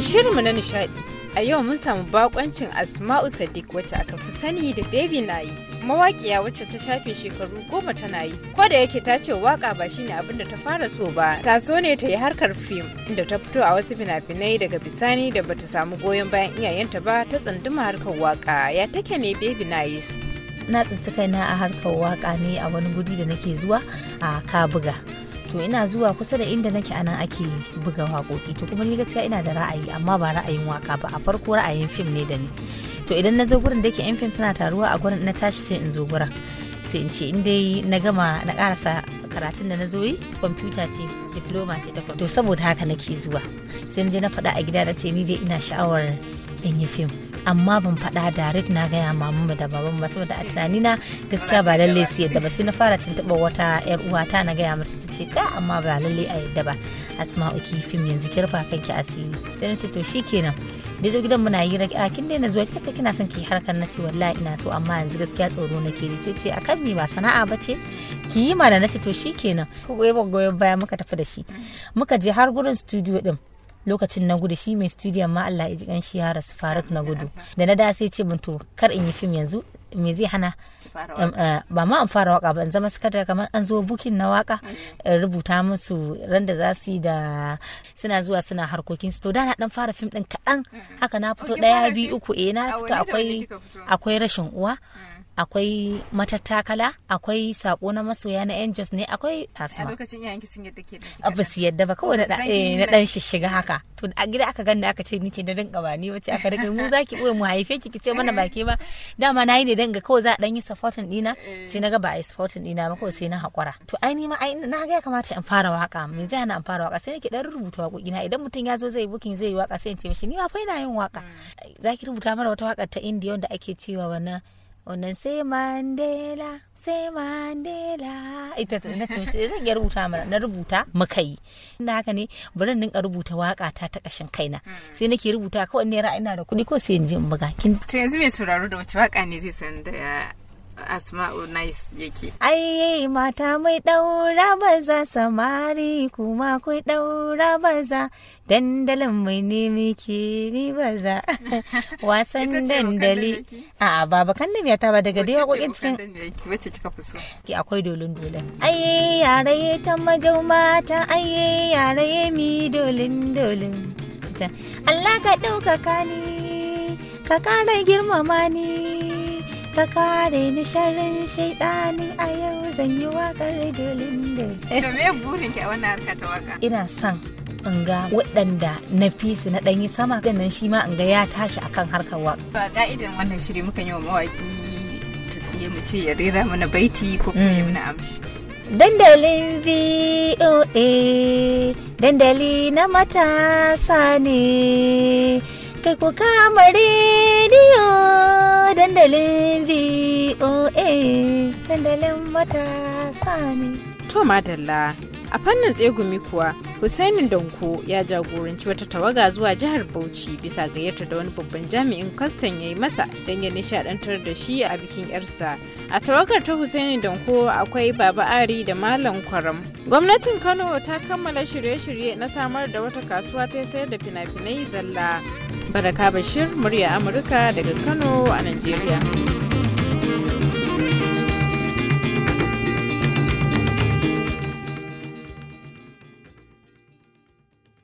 shirin shirinmu na nishadi, a yau mun samu bakoncin Asma'u Sadiq wacce aka fi sani da Baby nayi Mawaƙiya wacce ta shafe shekaru goma tana yi. Ko da yake ta ce waka ba shine abin da ta fara so ba, ta so ne ta yi harkar fim inda ta fito a wasu fina-finai daga bisani da bata samu goyon bayan iyayenta ba ta tsanduma harkar waka. Ya take ne Baby nayi Na tsinci kaina a harkar waka ne a wani guri da nake zuwa a Kabuga. to ina zuwa kusa da inda nake anan ake buga waƙoƙi to kuma ni gaskiya ina da ra'ayi amma ba ra'ayin waka ba a farko ra'ayin fim ne da ni to idan na zo gurin da ke yan fim suna taruwa a gurin na tashi sai in zo gurin sai in ce in dai na gama na karasa karatun da na zo yi kwamfuta ce diploma ce ta to saboda haka nake zuwa sai na je na faɗa a gida na ce ni dai ina sha'awar in yi fim amma ban faɗa da rit na gaya mamu da baban ba saboda a tunani na gaskiya ba lalle su yadda ba sai na fara tuntuɓa wata yar uwata na gaya masu su ce ka amma ba lalle a yadda ba asma'u ki fim yanzu ki rufa kanki asiri sai na ce to kenan da zo gidan muna yi a kin daina zuwa kika kina son ki harkar na ce wallahi ina so amma yanzu gaskiya tsoro nake ji sai ce akan mi ba sana'a ba ce ki yi mana na ce to shi kenan. ko goyon bayan muka tafi da shi muka je har gurin studio din lokacin na gudu shi mai studio ma Allah ya ji shi ya rasu faruk na gudu da na da sai ce min to kar in yi fim yanzu me zai hana eh, ba ma an fara waka ba in zama sakatare kamar an zo bukin na waka in rubuta musu ran da za su yi da suna zuwa suna harkokin su to da na dan fara fim din kaɗan haka na fito daya biyu uku eh na fito akwai akwai rashin uwa mm. akwai matattakala akwai sako na masoya na yan ne akwai tasma a lokacin yanki sun yadda ke da ba su yadda ba kawai na dan eh, shishiga haka to a gida aka ganda aka ce ni da dinka ba ni wace aka rike mu zaki boye mu haife ki kice mana baki ba dama nayi ne danga kawai za a dan yi supporting dina eh. sai naga ba a yi supporting dina ba kawai sai na hakura to ai ni ma ai na ga ya kamata in fara waka me zai na fara waka sai nake dan rubuta waka na idan mutum ya zo zai booking zai yi waka sai in ce mishi ni ma fa ina yin waka mm. zaki rubuta mana wata waka ta indiya wanda ake cewa wannan wannan sai mandela sai mandela ita na ce eh, zan iya rubuta mana na rubuta muka yi haka ne bari ninka rubuta waka ta ta kashin kaina hmm. sai nake rubuta kawai ne ra'ayi na da kuɗi ko sai in je in buga kin to yanzu mai sauraro da wace waka ne zai san da asma'u nice yake ai mata mai ɗaura baza samari kuma ku ɗaura baza dandalin mai nemi kiri baza wasan dandali a baba kan da ta ba daga dai wakokin cikin wacce kika fi so ki akwai dolin dolin ai yare ta majau mata ai yare mi dolin dolin Allah ka ɗaukaka ni ka kara girmama ni ka kare ni sharrin shaidani a yau zan yi wakar dolin da to me burin ki a wannan harka ta waka ina son in ga waɗanda na fi na ɗanyi sama ganin shi ma in ga ya tashi akan harkar waka ba ka'idan wannan shiri muka yi wa mawaki ta tsaye mu ce ya rera mana baiti ko kuma yi mm. mana amshi dandalin VOA dandali na matasa ne kai ku kama rediyo dandalin VOA dandalin matasa ne. To madalla A fannin tsegumi kuwa, Hussainin Danko ya jagoranci wata tawaga zuwa jihar Bauchi bisa gayyata da wani babban jami'in kwastan ya yi masa don ya nishadantar da shi a bikin yarsa. A tawagar ta Hussainin Danko akwai Baba Ari da Malam Kwaram. Gwamnatin Kano ta kammala shirye-shirye na samar da wata kasuwa ta sayar da fina-finai zalla. Baraka Bashir, murya Amurka daga Kano a Najeriya.